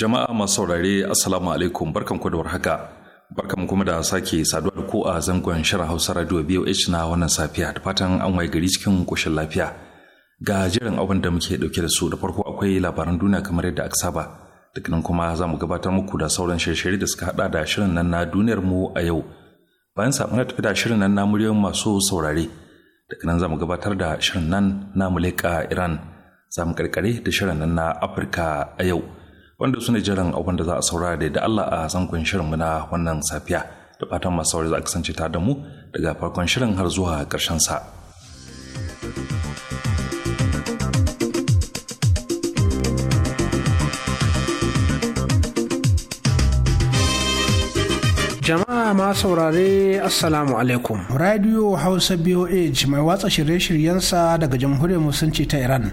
Jama'a masu saurare Assalamu alaikum barkanku da warhaka. Barkan kuma da sake saduwa da ku a zangon shirin Hausa Radio BOH na wannan safiya da fatan an waye gari cikin koshin lafiya. Ga jiran abin da muke dauke da su da farko akwai labaran duniya kamar yadda aka saba. Duk nan kuma za mu gabatar muku da sauran shirye-shirye da suka hada da shirin nan na duniyar mu a yau. Bayan sa muna tafi da shirin nan na muryoyin masu saurare. Daga nan za mu gabatar da shirin nan na Muleka Iran. Za mu karkare da shirin nan na Afirka a yau. wanda su ne jiran abin da za a saurara da da Allah a zangon shirinmu na wannan safiya da fatan masu saurari za a kasance ta da mu daga farkon shirin har zuwa ƙarshen sa. Jama'a ma saurare Assalamu alaikum. Radio Hausa BOH mai watsa shirye-shiryensa daga Jamhuriyar Musulunci ta Iran.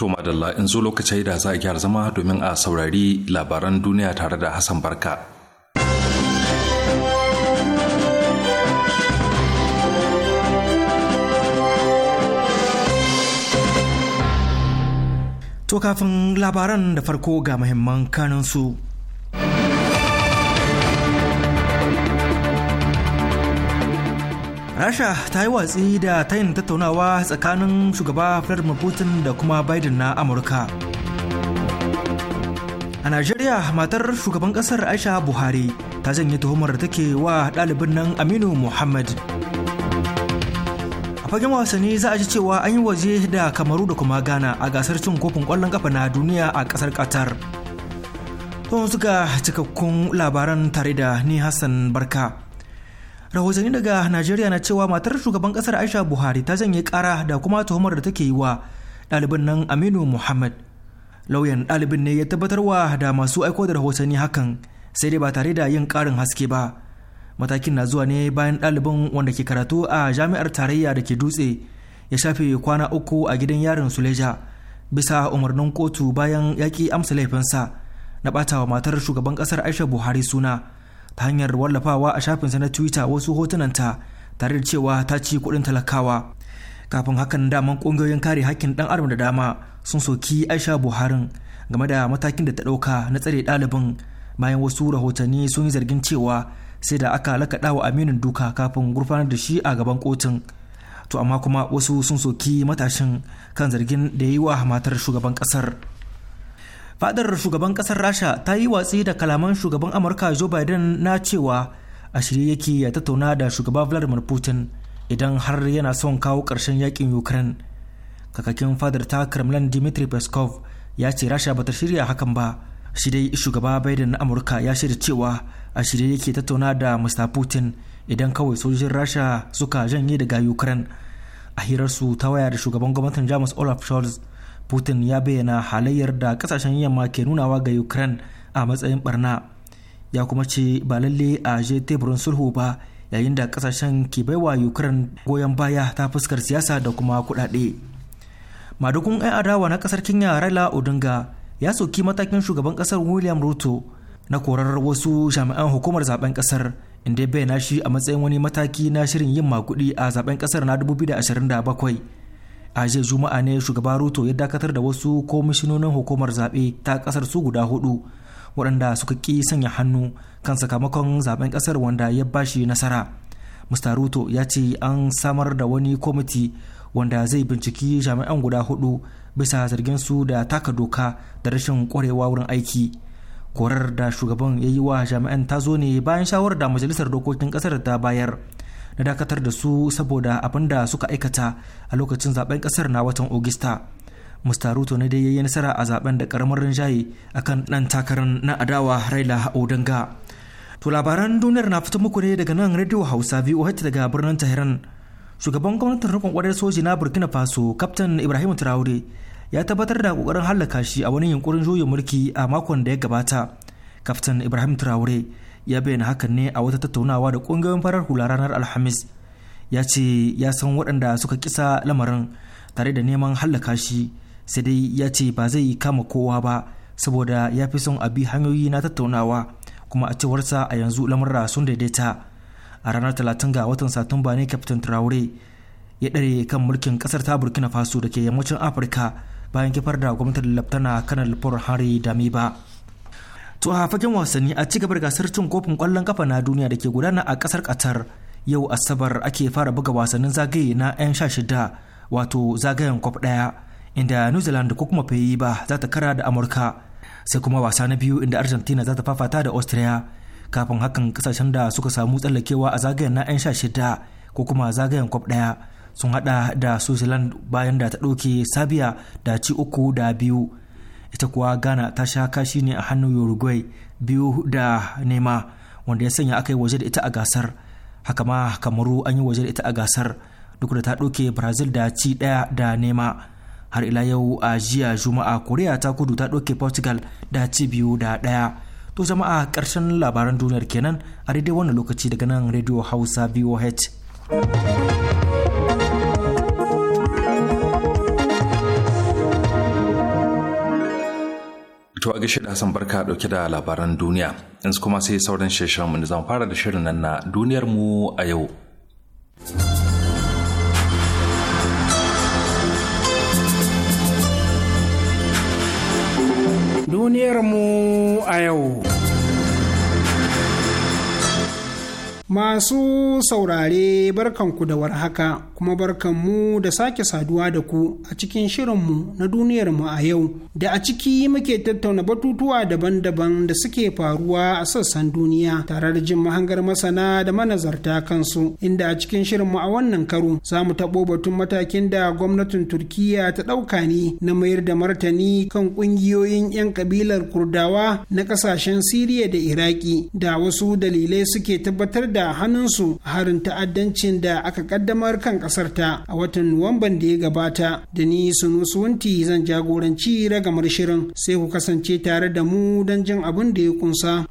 To madalla in zo lokacin da za a gyara zama domin a saurari labaran duniya tare da Hassan Barka. To kafin labaran da farko ga muhimman kanansu. rasha ta yi watsi da tayin tattaunawa tsakanin shugaba vladimir putin da kuma biden na amurka a najeriya matar shugaban kasar aisha buhari ta janye tuhumar da take wa ɗalibin nan aminu muhammad a fagen wasanni za a ji cewa an yi waje da kamaru da kuma ghana a gasar cin kofin kwallon kafa na duniya a ƙasar qatar tun suka cikakkun labaran tare da ni hassan barka rahotanni daga najeriya na cewa matar shugaban kasar aisha buhari ta janye kara da kuma tuhumar da take yi wa ɗalibin nan aminu muhammad lauyan ɗalibin ne ya tabbatarwa da masu aiko da rahotanni hakan sai dai ba tare da yin karin haske ba matakin na zuwa ne bayan ɗalibin wanda ke karatu a jami'ar tarayya da ke dutse ya shafe kwana uku a gidan yarin suleja bisa umarnin kotu bayan yaƙi amsa laifinsa na ɓatawa matar shugaban ƙasar aisha buhari suna ta hanyar wallafawa a shafinsa na twitter wasu hotunanta tare da cewa ta ci kuɗin talakawa kafin hakan daman ƙungiyoyin kare hakkin ɗan adam da dama sun soki aisha buharin game da matakin da ta ɗauka na tsare ɗalibin bayan wasu rahotanni sun yi zargin cewa sai da aka lakaɗa wa aminin duka kafin gurfanar da shi a gaban kotun to amma kuma wasu sun soki matashin kan zargin da ya yi wa matar shugaban ƙasar fadar shugaban kasar rasha ta yi watsi da kalaman shugaban amurka joe biden na cewa a shirye yake ya tattauna da shugaba vladimir putin idan har yana son kawo ƙarshen yakin ukraine kakakin fadar ta kremlin dmitry peskov ya ce rasha bata shirya hakan ba shi dai shugaba biden na amurka ya shirya cewa a shirye yake tattauna da mr putin idan kawai sojojin rasha suka janye daga ukraine a hirarsu ta waya da shugaban gwamnatin jamus olaf scholz putin ya bayyana halayyar da kasashen yamma ke nunawa ga ukraine a matsayin barna ya kuma ce ba lalle a je teburin sulhu ba yayin da kasashen ke baiwa ukraine goyon baya ta fuskar siyasa da kuma kudade madukun 'yan adawa na kasar kenya raila odinga ya soki matakin shugaban kasar william ruto na korar wasu jami'an hukumar zaben kasar inda ya bayyana shi a matsayin wani mataki na shirin yin makudi a zaben kasar na 2027 a juma'a ne shugaba ruto ya dakatar da wasu komishinonin hukumar zaɓe ta ƙasar su guda hudu waɗanda suka ƙi sanya hannu kan sakamakon zaɓen ƙasar wanda ya bashi nasara mr ruto ya ce an samar da wani kwamiti wanda zai binciki jami'an guda hudu bisa zargin su da taka doka da rashin ƙwarewa wurin aiki korar da shugaban ya yi wa jami'an ta zo ne bayan shawarar da majalisar dokokin ƙasar ta bayar na dakatar da su saboda abin da suka aikata a lokacin zaben kasar na watan ogista Ruto ne dai yayi nasara a zaben da karamar rinjaye akan dan takarar na adawa raila odanga to labaran duniyar na fito muku ne daga nan radio hausa voh daga birnin tehran shugaban gwamnatin rikon kwarar soji na burkina faso kaftan ibrahim traore ya tabbatar da kokarin hallaka shi a wani yunkurin juyin mulki a makon da ya gabata kaftan ibrahim traore ya bayyana hakan ne a wata tattaunawa da ƙungiyoyin farar hula ranar alhamis ya ce ya san waɗanda suka kisa lamarin tare da neman hallaka shi sai dai ya ce ba zai kama kowa ba saboda ya fi son abi hanyoyi na tattaunawa kuma a cewarsa a yanzu lamurra sun daidaita a ranar talatin ga watan satumba ne captain traore ya ɗare kan mulkin ƙasar ta burkina faso da ke yammacin afirka bayan kifar da gwamnatin laftana kanar paul hari ba. To a fagen wasanni a ci da gasar cin kofin kwallon kafa na duniya da ke gudana a kasar Qatar yau Asabar ake fara buga wasannin zagaye na 'yan sha shida wato zagayen kwaf ɗaya inda New Zealand ko kuma fayi ba za ta kara da Amurka sai kuma wasa na biyu inda Argentina za ta fafata da Austria kafin hakan kasashen da suka samu tsallakewa a zagayen na 'yan sha shida ko kuma zagayen kwaf ɗaya sun hada da Switzerland bayan da ta ɗauke sabia da ci uku da biyu ita kuwa ghana ta sha kashi ne a hannun uruguay biyu da nema wanda ya sanya aka yi waje da ita a gasar haka ma kamaru an yi waje da ita a gasar duk da ta ɗauke brazil da ci ɗaya da nema har ila yau a jiya juma'a korea ta kudu ta ɗauke portugal da ci biyu da ɗaya to jama'a ƙarshen labaran duniyar kenan a daidai wannan lokaci daga nan radio hausa voh To a gashi da Hassan barka dauke da labaran duniya. Yanzu kuma sai sauran shirin mu zan fara da shirin nan na duniyar mu a yau. Duniyar mu a yau. Masu saurare barkanku da warhaka kuma barkanmu da sake saduwa da ku a cikin shirinmu na duniyarmu a yau da a ciki muke tattauna batutuwa daban-daban da suke faruwa a sassan duniya tare da jin mahangar masana da manazarta kansu inda a cikin shirinmu a wannan karo za mu taɓo batun matakin da gwamnatin Turkiyya ta ɗauka ne na mayar da martani kan ƙungiyoyin 'yan ƙabilar Kurdawa na ƙasashen Siriya da Iraki da wasu dalilai suke tabbatar da da hannunsu harin ta'addancin da aka kaddamar kan kasar a watan Nuwamban da ya gabata da ni sunusuwanti zan jagoranci ragamar shirin sai ku kasance tare da mu don jin abin da ya kunsa.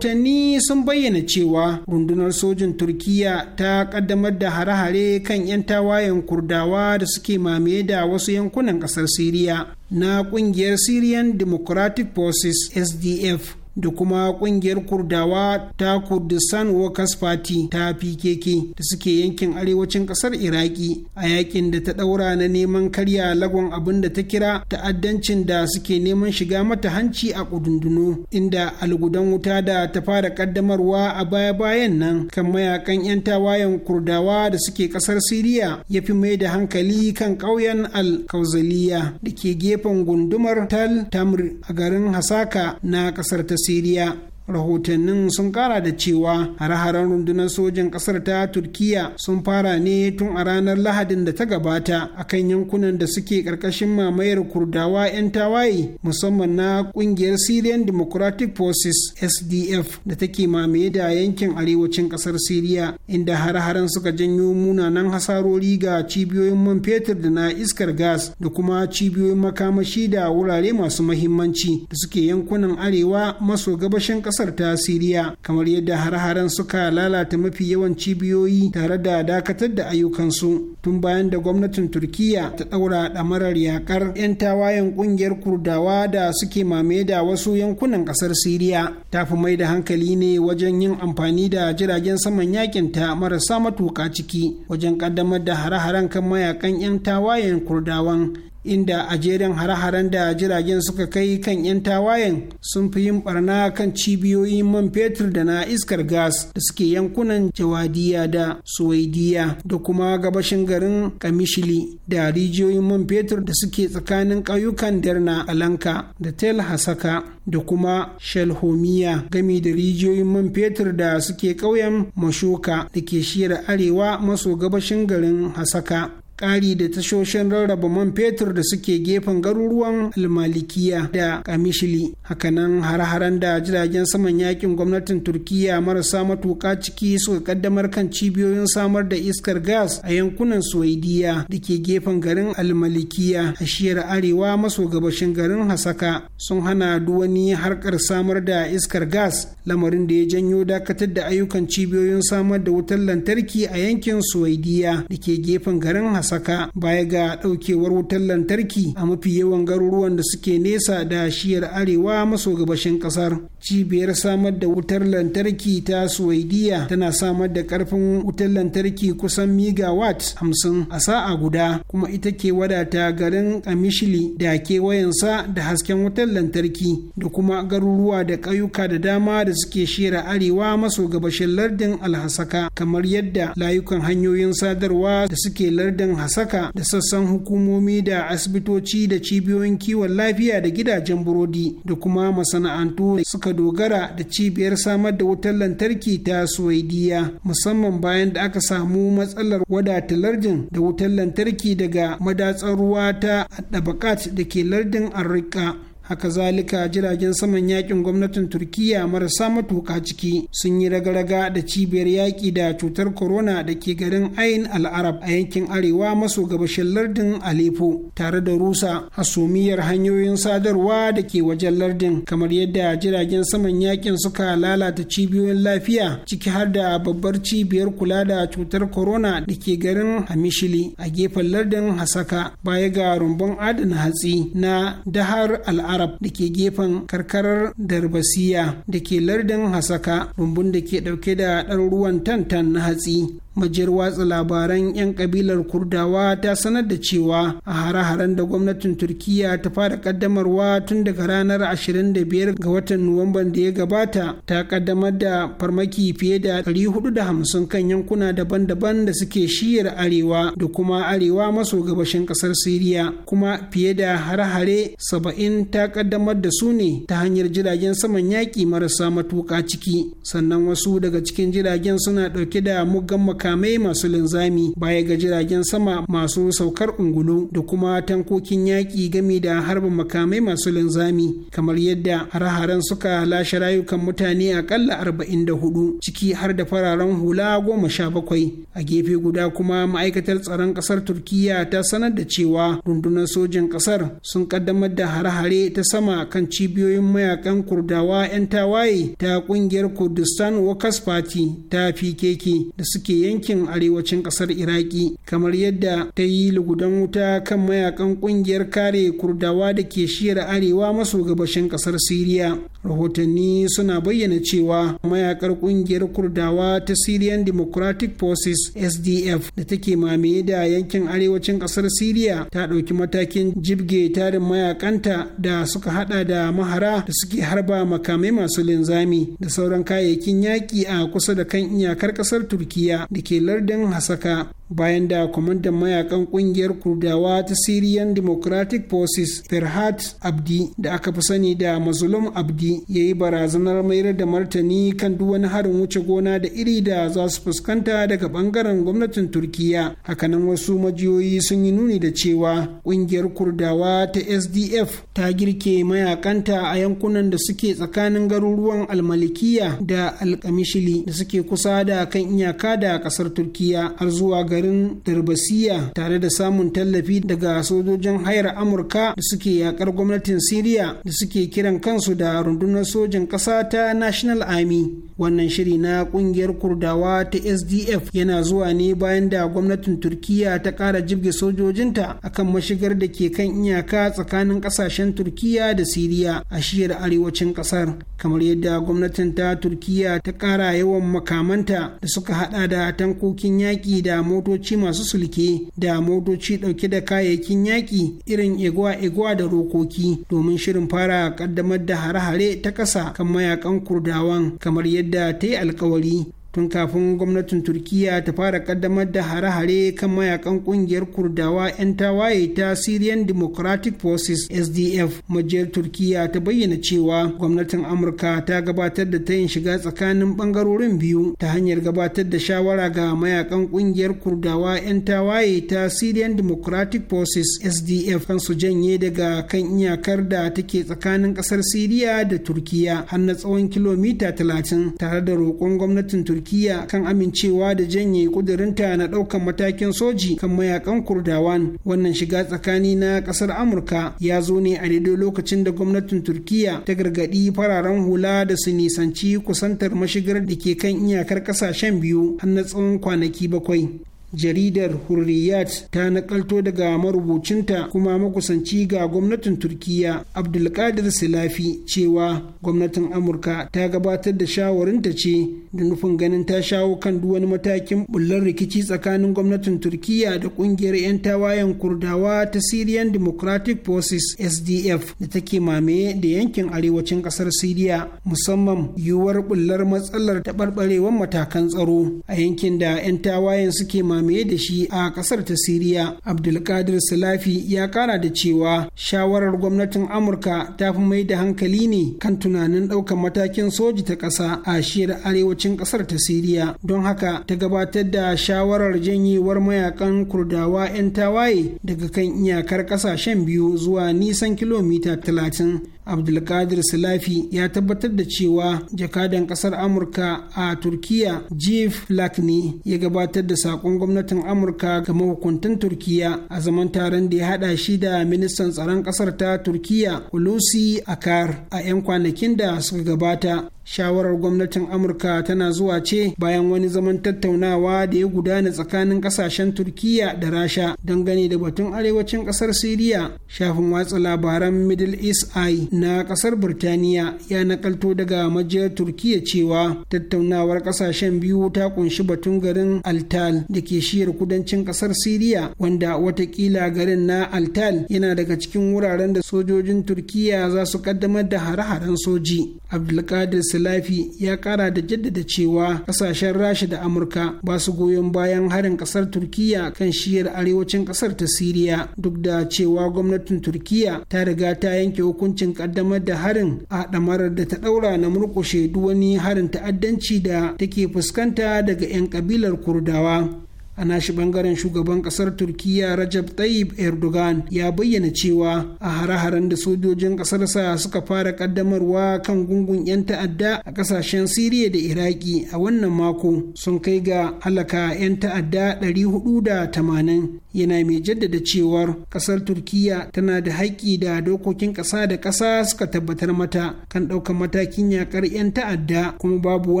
rahotanni sun bayyana cewa rundunar sojin turkiya ta kaddamar da hare-hare kan 'yan tawayen kurdawa da suke mamaye da wasu yankunan kasar siriya na kungiyar syrian democratic forces sdf da kuma kungiyar kurdawa ta kurdistan workers party ta pkk da suke yankin arewacin kasar iraki a yakin da ta daura na neman karya lagon abin da ta kira ta'addancin da suke neman shiga mata hanci a kudundunu inda algudan wuta da ta fara kaddamarwa a baya-bayan nan kan mayakan 'yan tawayen kurdawa da suke kasar siriya ya fi mai da hankali kan ƙauyen al-kauzaliya da ke gefen gundumar tal tamri a garin hasaka na kasar ta Siria rahotannin sun kara da cewa hare-haren rundunar sojan kasar ta turkiya sun fara ne tun a ranar lahadin da ta gabata a kan yankunan da suke karkashin mamayar kurdawa 'yan tawaye musamman na kungiyar syrian democratic forces sdf da take mamaye da yankin arewacin kasar syria inda hare-haren suka janyo munanan hasarori ga cibiyoyin man fetur da na iskar gas da kuma cibiyoyin makamashi da wurare masu mahimmanci da suke yankunan arewa maso gabashin kasar kasar ta siriya kamar yadda har-haren suka lalata mafi yawan cibiyoyi tare da dakatar da ayyukansu tun bayan da gwamnatin turkiya ta ɗaura ɗamarar yakar 'yan tawayen ƙungiyar kurdawa da suke mame da wasu yankunan ƙasar siriya ta fi mai da hankali ne wajen yin amfani da jiragen saman yakin ta marasa matuƙa ciki wajen kaddamar da hare-haren kan mayakan 'yan tawayen kurdawan inda a jerin hare-haren da jiragen suka kai kan 'yan tawayen sun fi yin barna kan cibiyoyin man fetur da na iskar gas da suke yankunan jawadiya da suwaidiya da kuma gabashin garin kamishili da rijiyoyin man fetur da suke tsakanin ƙauyukan derna alanka da tel hasaka da kuma shalhomiya gami da rijiyoyin man fetur da suke ƙauyen mashoka da ke shiyar arewa maso gabashin garin hasaka ƙari da tashoshin rarraba man fetur da suke gefen garuruwan almalikiya da kamishili hakanan har-haren da jiragen saman yakin gwamnatin turkiya marasa matuƙa ciki suka kaddamar kan cibiyoyin samar da iskar gas a yankunan suwaidiya da ke gefen garin almalikiya a shiyar arewa maso gabashin garin hasaka sun hana duwani harkar samar da iskar gas lamarin da ya janyo dakatar da ayyukan cibiyoyin samar da wutar lantarki a yankin suwaidiya da ke gefen garin hasaka saka baya ga ɗaukewar wutar lantarki a mafi yawan garuruwan da suke nesa da shiyar arewa maso gabashin kasar cibiyar samar da wutar lantarki ta suwaidiya tana samar da ƙarfin wutar lantarki kusan megawatt hamsin a sa'a guda kuma ita ke wadata garin kamishili da kewayensa da hasken wutar lantarki da kuma garuruwa da ƙauyuka da dama da suke shiyar arewa maso gabashin lardin alhasaka kamar yadda layukan hanyoyin sadarwa da suke lardin hasaka da sassan hukumomi da asibitoci da cibiyoyin kiwon lafiya da gidajen burodi da kuma masana'antu da suka dogara da cibiyar samar da wutar lantarki ta suwaidiya musamman bayan da aka samu matsalar wadata lardin da wutar lantarki daga madatsar ruwa ta adabakat da ke lardin arrika haka zalika jiragen saman yakin gwamnatin turkiya marasa matuka ciki sun yi raga-raga da cibiyar yaƙi da cutar corona da ke garin ain al'arab a yankin arewa maso gabashin lardin aleppo tare da rusa hasumiyar hanyoyin sadarwa da ke wajen lardin kamar yadda jiragen saman yakin suka lalata cibiyoyin lafiya ciki har da babbar cibiyar kula da cutar corona da ke garin hamishili a gefen lardin hasaka baya ga rumbun adana hatsi na dahar al'arab arab da ke gefen karkarar darbasiya da ke lardin hasaka rumbun da ke dauke da ɗaruruwan tantan na hatsi majiyar watsa labaran 'yan kabilar kurdawa ta sanar da cewa a hare-haren da gwamnatin turkiya ta fara kaddamarwa tun daga ranar 25 ga watan nuwamban da ya gabata ta kaddamar da farmaki fiye da 450 kan yankuna daban-daban da suke shiyar arewa da kuma arewa maso gabashin kasar siriya kuma fiye da hare-hare 70 ta ya kaddamar da su ne ta hanyar jiragen saman yaƙi marasa matuƙa ciki sannan wasu daga cikin jiragen suna ɗauke da muggan makamai masu linzami baya ga jiragen sama masu saukar ungulu da kuma tankokin yaƙi game da harbin makamai masu linzami kamar yadda hare-haren suka lashe rayukan mutane akalla arba'in da hudu ciki har da fararen hula goma sha bakwai a gefe guda kuma ma'aikatar tsaron ƙasar turkiya ta sanar da cewa rundunar sojin ƙasar sun kaddamar da hare-hare ta sama kan cibiyoyin mayakan kurdawa 'yan tawaye ta kungiyar kurdistan workers party ta pkk da suke yankin arewacin kasar iraki kamar yadda ta yi lugudan wuta kan mayakan kungiyar kare kurdawa da ke shiyar arewa maso gabashin kasar syria rahotanni suna bayyana cewa mayakar kungiyar kurdawa ta syrian democratic forces sdf da take mamaye da yankin arewacin kasar syria ta ɗauki matakin jibge tarin mayakanta da suka hada da mahara da suke harba makamai masu linzami da sauran kayayyakin yaƙi a kusa da kan iyakar kasar turkiya da ke lardin hasaka bayan da kwamandan mayakan kungiyar kurdawa ta syrian democratic forces ferhat abdi da aka fi sani da mazulum abdi ya yi barazanar mayar da martani kan duk wani harin wuce gona da iri da za su fuskanta daga bangaren gwamnatin turkiya hakanan wasu majiyoyi sun yi nuni da cewa kungiyar kurdawa ta sdf ta girke mayakanta a yankunan da suke tsakanin garuruwan almalikiya da alkamishili da suke kusa da kan iyaka da kasar turkiya har zuwa gari garin Darbasiya tare da samun tallafi daga sojojin hayar Amurka da suke yakar gwamnatin Siriya da suke kiran kansu da rundunar sojin ƙasa ta National Army. Wannan shiri na ƙungiyar Kurdawa ta SDF yana zuwa ne bayan da gwamnatin Turkiya ta ƙara jibge sojojinta akan mashigar da ke kan iyaka tsakanin ƙasashen Turkiya da Siriya a shiyar arewacin ƙasar. Kamar yadda gwamnatin ta Turkiya ta ƙara yawan makamanta da suka haɗa da tankokin yaƙi da motoci masu sulke da motoci dauke da kayayyakin yaƙi irin egwa-egwa da rokoki domin shirin fara kaddamar da hare-hare ta ƙasa kan mayakan kurdawan kamar yadda ta yi alkawari tun kafin gwamnatin turkiya ta fara kaddamar da hare-hare kan mayakan kungiyar kurdawa 'yan tawaye ta syrian democratic forces sdf majiyar turkiya ta bayyana cewa gwamnatin amurka ta gabatar da ta tayin shiga tsakanin bangarorin biyu ta hanyar gabatar da shawara ga mayakan kungiyar kurdawa 'yan tawaye ta syrian democratic forces sdf kan su janye daga kan iyakar da take tsakanin kasar syria da turkiya har na tsawon kilomita 30 tare da roƙon gwamnatin turkiya turkiya kan amincewa da janye ƙudurinta na ɗaukan matakin soji kan mayakan kurdawan wannan shiga tsakani na ƙasar amurka ya zo ne a daidai lokacin da gwamnatin turkiya ta gargaɗi fararen hula da su nisanci kusantar mashigar da ke kan iyakar ƙasashen biyu har na tsawon kwanaki bakwai jaridar hurriyat ta nakalto daga marubucinta kuma makusanci ga gwamnatin turkiyya abdulkadir silafi cewa gwamnatin amurka ta gabatar da shawarinta ce da nufin ganin ta shawo kan duk wani matakin bullar rikici tsakanin gwamnatin turkiyya da kungiyar 'yan tawayen kurdawa ta syrian democratic forces sdf da take mamaye da yankin arewacin kasar syria musamman yiwuwar bullar matsalar taɓarɓarewar matakan tsaro a yankin da 'yan tawayen suke mamaye mamaye da shi a kasar ta siriya abdulkadir salafi ya kara da cewa shawarar gwamnatin amurka ta fi mai da hankali ne kan tunanin ɗaukar matakin soji ta ƙasa a shiyar arewacin ƙasar ta siriya don haka ta gabatar da shawarar janyewar mayakan kurdawa 'yan tawaye daga kan iyakar ƙasashen biyu zuwa nisan kilomita 30 abdulkadir salafi ya tabbatar da cewa jakadan kasar amurka a turkiya jeff lakne ya gabatar da sakon gwamnati gwamnatin amurka ga mahukuntan turkiya a zaman taron da ya hada shi da ministan tsaron kasar ta turkiya hulusi akar a 'yan kwanakin da suka gabata shawarar gwamnatin amurka tana zuwa ce bayan wani zaman tattaunawa da ya gudana tsakanin kasashen turkiya da rasha dangane da batun arewacin kasar siriya shafin watsa labaran middle east eye na kasar birtaniya ya nakalto daga majiyar turkiya cewa tattaunawar kasashen biyu ta kunshi batun garin altal da ke shiyar kudancin kasar siriya wanda watakila garin na altal yana daga cikin wuraren da sojojin turkiya za su kaddamar da hare-haren soji abdulkadir islafi ya kara da jaddada cewa kasashen rasha da amurka ba su goyon bayan harin kasar turkiya kan shiyar arewacin kasar ta siriya duk da cewa gwamnatin turkiya ta riga ta yanke hukuncin kaddamar da harin a ɗamarar da ta ɗaura na murƙushe duk wani harin ta'addanci da take fuskanta daga 'yan ƙabilar kurdawa a nashi bangaren shugaban kasar turkiya rajab tayyip erdogan ya bayyana cewa a hare-haren da sojojin kasarsa suka fara kaddamarwa kan gungun 'yan ta'adda a kasashen siriya da iraki a wannan mako sun kai ga halaka 'yan ta'adda 480 yana mai jaddada cewar kasar turkiya tana da haƙƙi da dokokin ƙasa da ƙasa suka tabbatar mata kan ɗaukar matakin yakar 'yan ta'adda kuma babu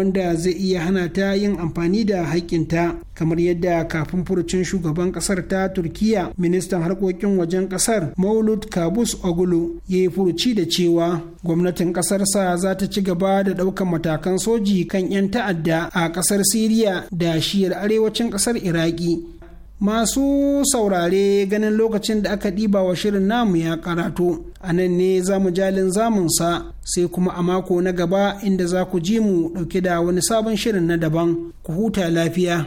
wanda zai iya hana ta yin amfani da haƙƙinta kamar yadda kafin furucin shugaban kasar ta turkiya ministan harkokin wajen kasar maulud kabus ogulu ya yi furuci da cewa gwamnatin kasarsa za ta ci gaba da ɗaukan matakan soji kan 'yan ta'adda a kasar siriya da shiyar arewacin kasar iraki masu saurare ganin lokacin da aka ɗiba wa shirin namu ya karatu a nan ne za mu jalin zamunsa sai kuma a mako na gaba inda za ku ji mu ɗauke da wani sabon shirin na daban ku huta lafiya.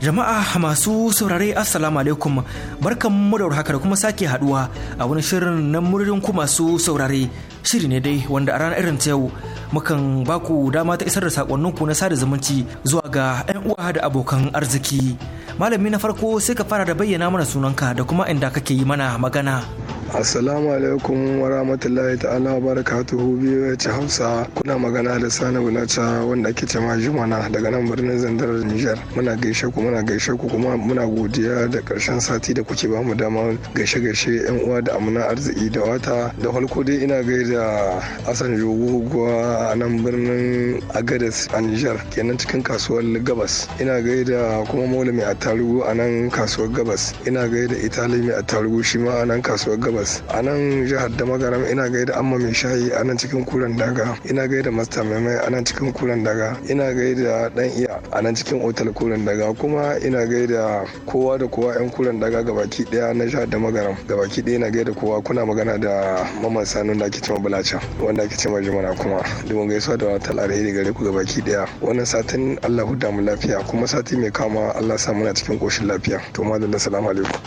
Jama'a masu saurare Assalamu alaikum barkan mu da warhaka da kuma sake haduwa a wani shirin na muririn ku masu saurare shiri ne dai wanda a ranar irin ta yau mukan baku dama ta isar da sakonnin ku na sada zumunci zuwa ga 'yan uwa da abokan arziki. Malami na farko sai ka fara da bayyana mana sunanka da kuma inda kake yi mana magana. Assalamu alaikum wa rahmatullahi ta'ala wa barakatuhu biyu ya ci Hausa kuna magana da Sani Bulacha wanda ake cema Jumana daga nan birnin Zandar Nijar. Muna gaishe ku muna gaishe ku kuma muna godiya da karshen sati da kuke bamu dama gaishe gaishe yan uwa da amuna arziki da wata da farko dai ina gaida Hassan Jogo a nan birnin Agadez a Nijar kenan cikin kasuwar Gabas. Ina gaida kuma Maula mai attarugu a nan kasuwar Gabas. Ina gaida italy mai attarugu shi ma a nan kasuwar Gabas. gabas a nan jihar da magaram ina gaida amma mai shayi a nan cikin kuren daga ina gaida masta maimai a nan cikin kuren daga ina gaida dan iya a nan cikin otal kuren daga kuma ina gaida kowa da kowa yan kuren daga gabaki daya na jihar da magaram gabaki daya ina gaida kowa kuna magana da mamman sanun da ake cewa bulaca wanda ake cewa jimana kuma domin gaisuwa da wata alheri gare ku gabaki daya wannan satin allah huda lafiya kuma sati mai kama allah sa muna cikin koshin lafiya to madalla salamu alaikum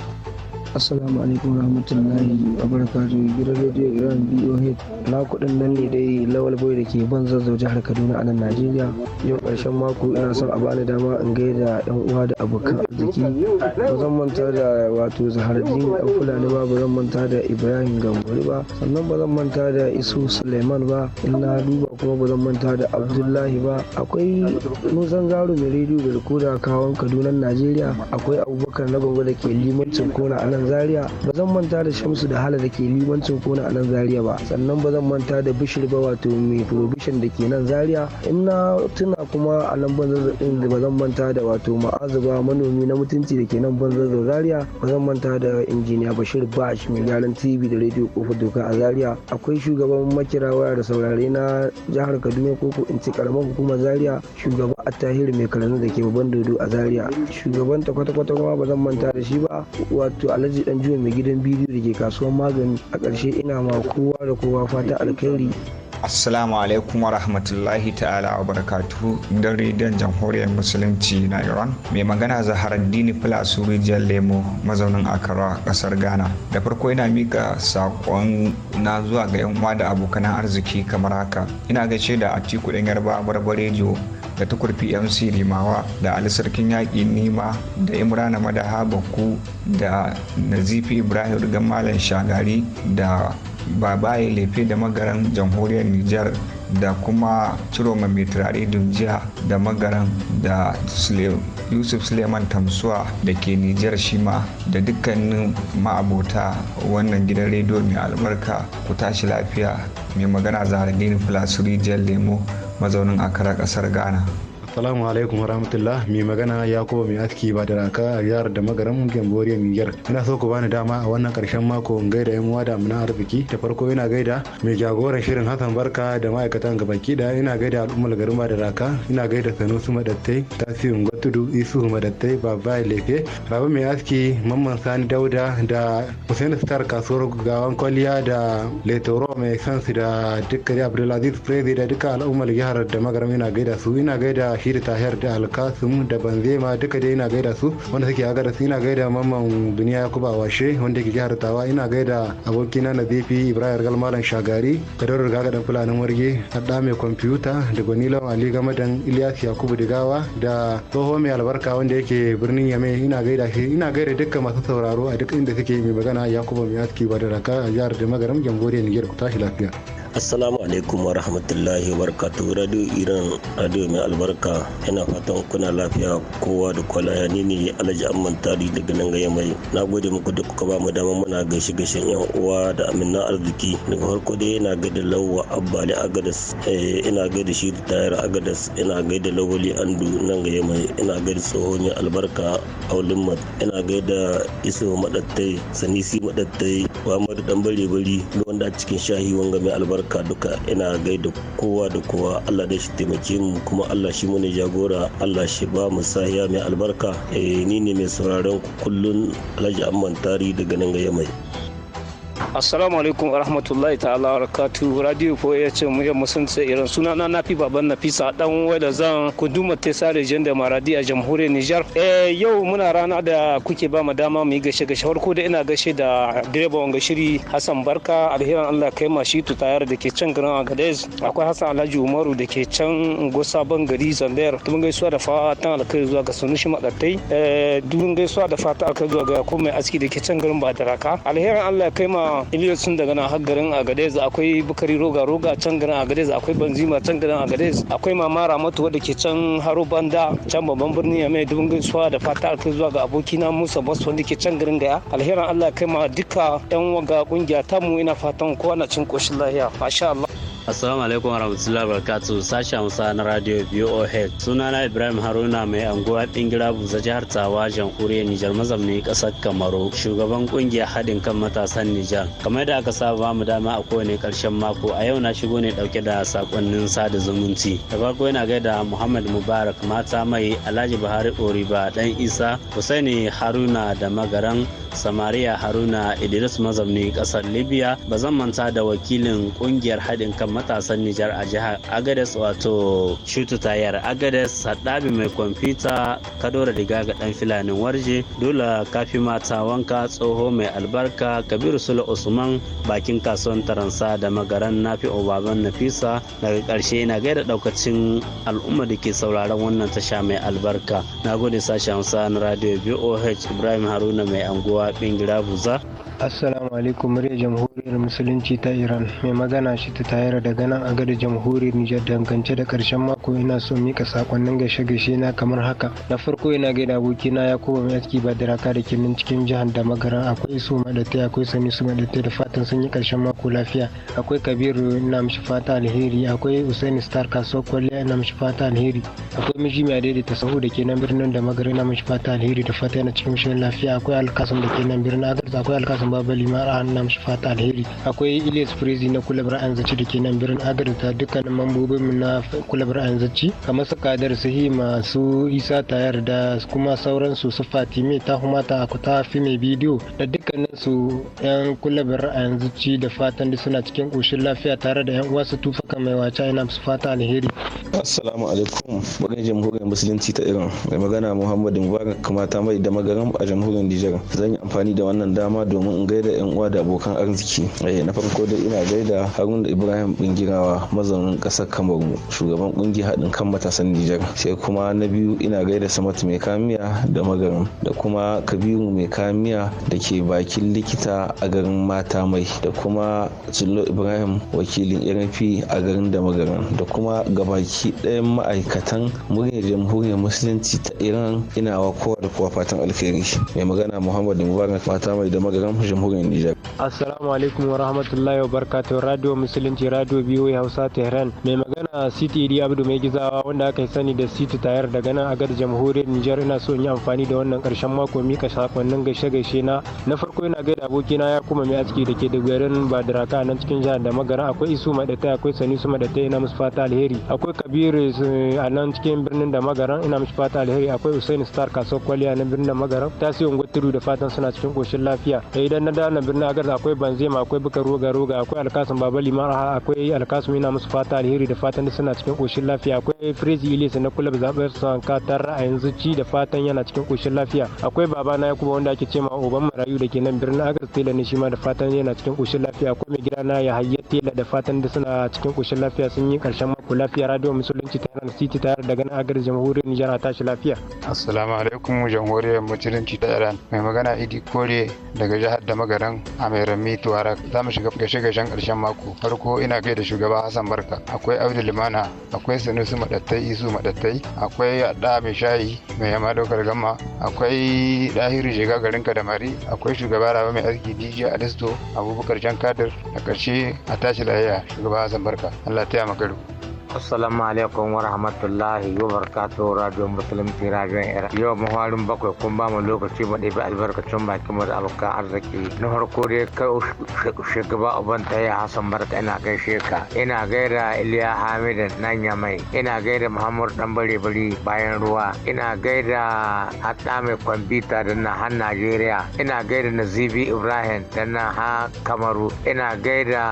assalamu alaikum rahmatullahi wa barakatu gidan rediyo iran boh na kudin nan ne dai lawal boy da ke ban zazzau jihar kaduna a nan najeriya yau karshen mako ina son a bani dama in gaida yan uwa da abokan arziki ba zan manta da wato zahardin ɗan fulani ba ba zan manta da ibrahim gambari ba sannan ba zan manta da isu suleiman ba in na duba kuma ba zan manta da abdullahi ba akwai nusan garu mai rediyo da rikoda kawon kaduna najeriya akwai abubakar na gongo da ke limancin kona a nan nan zaria ba manta da shamsu da hala da ke limancin kona a nan zaria ba sannan bazan zan manta da bishir ba wato mai provision da ke nan zaria ina tuna kuma a nan banzar da ba manta da wato ma'azu ba manomi na mutunci da ke nan banzar da zaria ba manta da injiniya bashir bash mai gyaran tv da rediyo kofar doka a zaria akwai shugaban makira waya da saurare na jihar kaduna ko in ci karamar hukumar zaria shugaba attahir mai karanu da ke babban dodo a zaria shugaban ta kwata kuma ba zan manta da shi ba wato alhaji alhaji dan juma mai gidan bidiyo da ke kasuwar magani a ƙarshe ina ma kowa da kowa fata alkhairi Assalamu alaikum wa rahmatullahi ta'ala wa barakatu don rediyon jamhuriyar musulunci na Iran. Mai magana Zaharaddini Filasu rijiyar Lemo mazaunin Akara kasar Ghana. Da farko ina mika saƙon na zuwa ga 'yan uwa da abokan arziki kamar haka. Ina gaishe da Atiku ɗan Yarba rediyo da tukur pmc limawa da ali sarkin yaƙi nima da imrana madaha baku da nazifi ibrahim rigan malam shagari da babaye lefe da magaran jamhuriyar niger da kuma ciroma mai turare dumjiya da magaran da yusuf suleiman tamsuwa da ke nijar shima da dukkanin ma'abota wannan gidan rediyo mai albarka ku tashi lafiya mai magana dini filasuri jiyar lemo mazaunin akara kasar ghana Salamu alaikum wa rahmatullah mai magana ya kuma mai aski ba da raka a jihar da magaran Gamboriya Niger. Ina so ku bani dama a wannan karshen mako in gaida yan uwa da muna arziki. Da farko ina gaida mai jagoran shirin Hassan Barka da ma'aikatan gabaki da ina gaida al'ummar garin ba da raka. Ina gaida Sanusi Madattai, Tasirin Gwatudu, Isu Madattai, Baba Lefe, Rabi mai aski, Mamman Sani Dauda da Hussein Star kasuwar gawan kwaliya da Letoro mai sansu da dukkan Abdulaziz Prezi da duka al'ummar jihar da magaran ina gaida su ina gaida ta Tahir da Alkasum da Banzema duka dai ina gaida su wanda suke agada su ina gaida mamman Duniya Yakuba Washe wanda yake jihar Tawa ina gaida abokina Nazifi Ibrahim Galmalan Shagari Kadar Gaga dan Fulanin Warge da mai kwamfuta da Gwanilan Ali Gamadan Ilyas Yakubu Digawa da tsoho mai albarka wanda yake birnin Yame ina gaida shi ina gaida duka masu sauraro a duk inda suke mai magana Yakubu Mai Aski raka a jihar da Magaram Jamhuriyar Niger ku tashi lafiya. assalamu alaikum wa rahmatullahi wa barakatuh radio iran radio mai albarka yana fatan kuna lafiya kowa da kwalaya ni ne alhaji amman tari daga nan gaya mai na gode muku da kuka ba mu dama muna gaishe gaishen yan uwa da amina arziki daga farko dai yana gaida lawa abbali agadas eh, ina gaida shi tayar agadas ina gaida lawali andu nan gaya mai ina gaida tsohon albarka aulin mat ina gaida iso madattai sanisi madattai wa madu dan bare bari wanda cikin shahi wanga mai albarka albarka duka ina gaida kowa da kowa allah da shi taimake mu kuma allah shi mu ne jagora allah shi ba mu sahiya mai albarka eh, ni ne mai sauraron kullun alhaji amman tari daga nan ga yamai assalamu alaikum wa rahmatullahi ta'ala wa rakatu radio ko ya ce musun sai irin suna na nafi baban nafisa dan wada zan kunduma ta sare ma maradi a jamhuriyar nijar eh, yau muna rana da kuke ba mu dama mu yi gashe gashe farko da ina gashe da direba wanga shiri hassan barka alheran allah kai shi tu tayar da ke can garin agadez akwai hassan alhaji umaru da ke can gosa gari zandayar dubin gaisuwa da fatan alkai zuwa ga sunushi madattai eh, dubin gaisuwa da fatan alkai zuwa ga komai aski da ke can garin badaraka alheran allah kai ma roga sun daga nan har garin agadez akwai bukari roga roga can garin agadez akwai banzima can garin agadez akwai mama ramatu wadda ke can haro banda can babban birni ya mai dubin gaisuwa da fata a zuwa ga abokina musa bas wanda ke can garin gaya alherin allah kai ma duka yan waga kungiya tamu ina fatan kowa na cin koshin lahiya masha allah Assalamu alaikum wa wabarakatuh sashen Hausa na Radio VOH. Sunana Ibrahim Haruna mai anguwa Bingira Buza jihar Tawa jamhuriyar Nijar mazamni kasar Kamaru shugaban kungiyar haɗin kan matasan Nijar. Kamar da aka saba mu dama a kowane ƙarshen mako a yau na shigo ne ɗauke da sakonnin sada zumunci. Da farko yana gaida Muhammad Mubarak mata mai Alhaji Buhari Oriba dan Isa Husaini Haruna da Magaran Samariya Haruna Idris mazamni kasar Libya ba zan manta da wakilin kungiyar haɗin kan matasan Nijar a jihar Agadez wato Shutu Tayar Agadez Haɗabi mai kwamfuta Kadora riga ga ɗan Filanin Warje dole Kafi Mata Wanka Tsoho mai albarka Kabiru Sula Usman bakin kasuwan Taransa da magaran Nafi Obaban Nafisa daga ƙarshe na gaida ɗaukacin al'umma da ke sauraron wannan tasha mai albarka. Na gode sashen Hausa na Radio BOH Ibrahim Haruna mai anguwa Bingira Buza assalamu alaikum murya jamhuriyar musulunci ta iran mai magana shi ta tayar daga nan a gada jamhuriyar nijar dangance da karshen mako ina so mika sakonnin gashe gaishe na kamar haka na farko ina gaida aboki na ya kowa mai aski ba da raka da ke min cikin jihar da magara akwai su madatai akwai sani su madatai da fatan sun yi karshen mako lafiya akwai kabiru ina mishi fata alheri akwai usaini star kaso kwalliya ina mishi fata alheri akwai miji mai ta sahu da ke nan birnin da magara ina mishi fata alheri da fata yana cikin shirin lafiya akwai alkasun da ke nan birnin agarza akwai alkasun alkasan baba limara shi fata alheri akwai ilias firizi na kulabar an zaci da ke nan birnin agadar ta dukkanin mambobin na kulabar an zaci kamar su kadar sahi masu isa tayar da kuma sauransu su fatime ta huma ta ku ta fi mai bidiyo da dukkanin su yan kulabar an zaci da fatan da suna cikin koshin lafiya tare da yan uwansu tufaka mai wace ina su fata alheri assalamu alaikum bugan jamhuriyar musulunci ta iran mai magana muhammadu mubarak kamata mai da magaram a jamhuriyar nijar zan yi amfani da wannan dama domin in gaida yan uwa da abokan arziki eh, na farko dai ina gaida haruna ibrahim bingirawa mazaunin kasar kamaru shugaban kungiyar haɗin kan matasan nijar sai kuma na biyu ina gaida samat mai kamiya da magarin da kuma kabiru mai kamiya da ke bakin likita a garin mata mai da kuma zullo ibrahim wakilin rfi a garin da magarin da kuma gabaki ɗayan ma'aikatan muryar jamhuriyar musulunci ta iran ina wa kowa da kowa fatan alkhairi mai magana muhammad mubarak mata mai da magarin jamhuriyar Nijar. Assalamu alaikum wa rahmatullahi wa barakatuh Radio Musulunci Radio biyoyi Hausa Tehran mai magana city Idi Abdu mai gizawa wanda aka sani da city Tayar daga nan a gada jamhuriyar Nijar ina so yi amfani da wannan karshen mako mika sakonnin gaishe-gaishe na na farko ina gaida abokina ya kuma mai aski da ke da garin Badaraka nan cikin jihar da magara akwai Isu Madatai akwai sani Sanusi Madatai ina musu fata alheri akwai Kabiru eh, a nan cikin birnin da magaran ina musu fata alheri akwai Usaini Star kasuwar kwaliya na birnin da magaran tasiri Ungwaturu da fatan suna cikin koshin lafiya eh, idan na dawo birnin agar akwai banzema akwai buka roga roga akwai alkasun baba liman akwai alkasun yana musu fata alheri da fatan suna cikin koshin lafiya akwai firiji ilisa na kulab zaɓar son ta ra'ayin zuci da fatan yana cikin koshin lafiya akwai baba na yakuba wanda ake cewa oban marayu da ke nan birnin agar tela ne shi ma da fatan yana cikin koshin lafiya akwai mai gida na ya hayya tela da fatan da suna cikin koshin lafiya sun yi karshen mako lafiya radio musulunci ta da city tare da ganin agar jamhuriyar nijar a tashi lafiya assalamu alaikum jamhuriyar musulunci ta iran mai magana idi kore daga jihar da magaran amirami tuwarak za mu shiga gashe gashen karshen mako farko ina da shugaba hassan barka akwai audu limana akwai sanusi madattai isu madattai akwai adda mai shayi mai yama daukar gama akwai dahiru shiga garin kadamari akwai shugaba raba mai arziki dj alisto abubakar jan kadir a karshe a tashi lahiya shugaba hassan barka allah ta yi makaru assalamu alaikum wa rahmatullahi wa barakatuh radio muslim radio era yau maharin bakwai kun ba mu lokaci mu ɗabi albarkacin bakin mu da abokan arziki na farko dai kai shugaba uban taya hassan barka ina gaishe ka ina gaira iliya hamid nan mai ina gaida muhammad dan bare bari bayan ruwa ina gaida hadda mai kwambita da na har najeriya ina gaira nazibi ibrahim da na ha kamaru ina gaira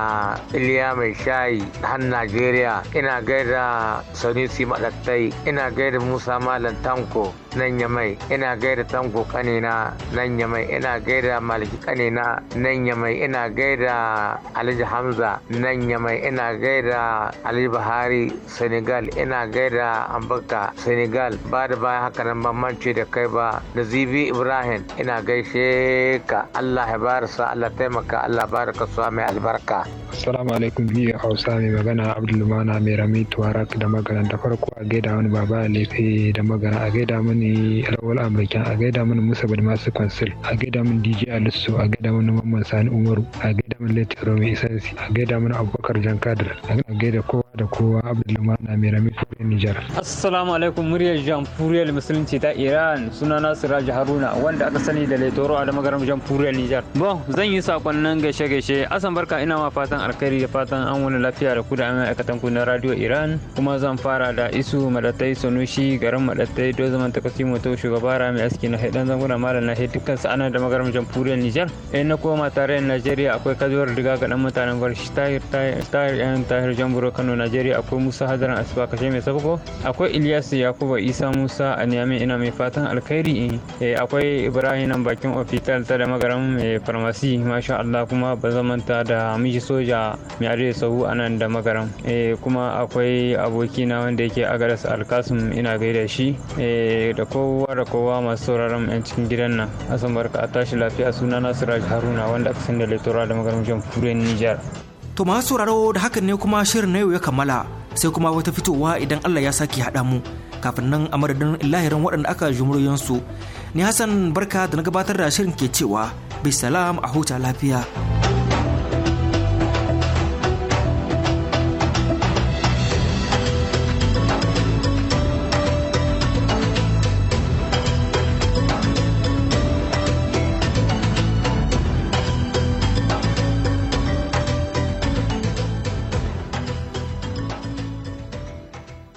iliya mai shayi har najeriya ina gaida sanusi maɗattai ina gaida musa malam tanko nan mai ina gaida tango kanina nan mai ina gaida maliki kanina nan mai ina gaida alhaji hamza nan mai ina gaida Ali bahari senegal ina gaida ambaka senegal ba da baya haka nan ban mance da kai ba da zibi ibrahim ina gaishe ka allah ya barasa allah taimaka allah baraka su mai albarka assalamu alaikum bi hausa mai magana abdulmana mai rami tuwarak da magana da farko a gaida wani baba da magana a gaida mun ne lawal amurkin a gaida mana musa bad masu kwansil a gaida mana dj alisu a gaida mana mamman sani umaru a gaida mana lati romi isansi a gaida mana abubakar jan jankadar a gaida kowa da kowa abdulmar na mai rami fure nijar. assalamu alaikum muryar jamhuriyar musulunci ta iran suna nasira haruna wanda aka sani da laitoro a damagaram jamhuriyar nijar. bon zan yi sakonnin gaishe-gaishe asan barka ina ma fatan alkhairi da fatan an wani lafiya da ku da an aikatan ku na radio iran kuma zan fara da isu madatai sanushi garin madatai dozaman ta lokaci mutu shugaba rami aski na haidan zanguna malam na dukkan su ana da magaram jamhuriyar nijar in na koma da najeriya akwai kazuwar diga ga dan mutanen barshi tahir tahir yan tahir jamburo kano najeriya akwai musa hadaran asiba kashe mai sabako akwai ilyas yakuba isa musa a niyamin ina mai fatan alkhairi eh, akwai ibrahim nan bakin ofital ta da magaram mai eh, farmasi masha allah kuma ba zamanta da miji soja mai arewa sahu anan da magaram eh, kuma akwai abokina wanda yake agaras alkasum ina gaida shi da kowa da kowa masu sauraron yan cikin gidan nan asan barka a tashi lafiya suna nasiraj haruna wanda aka sanda da laitora da magarin jamhuriyar nijar to masu sauraro da hakan ne kuma shirin na yau ya kammala sai kuma wata fitowa idan allah ya sake haɗa mu kafin nan a madadin lahirin waɗanda aka jumuriyansu ni hassan barka da na gabatar da shirin ke cewa bisalam a huta lafiya.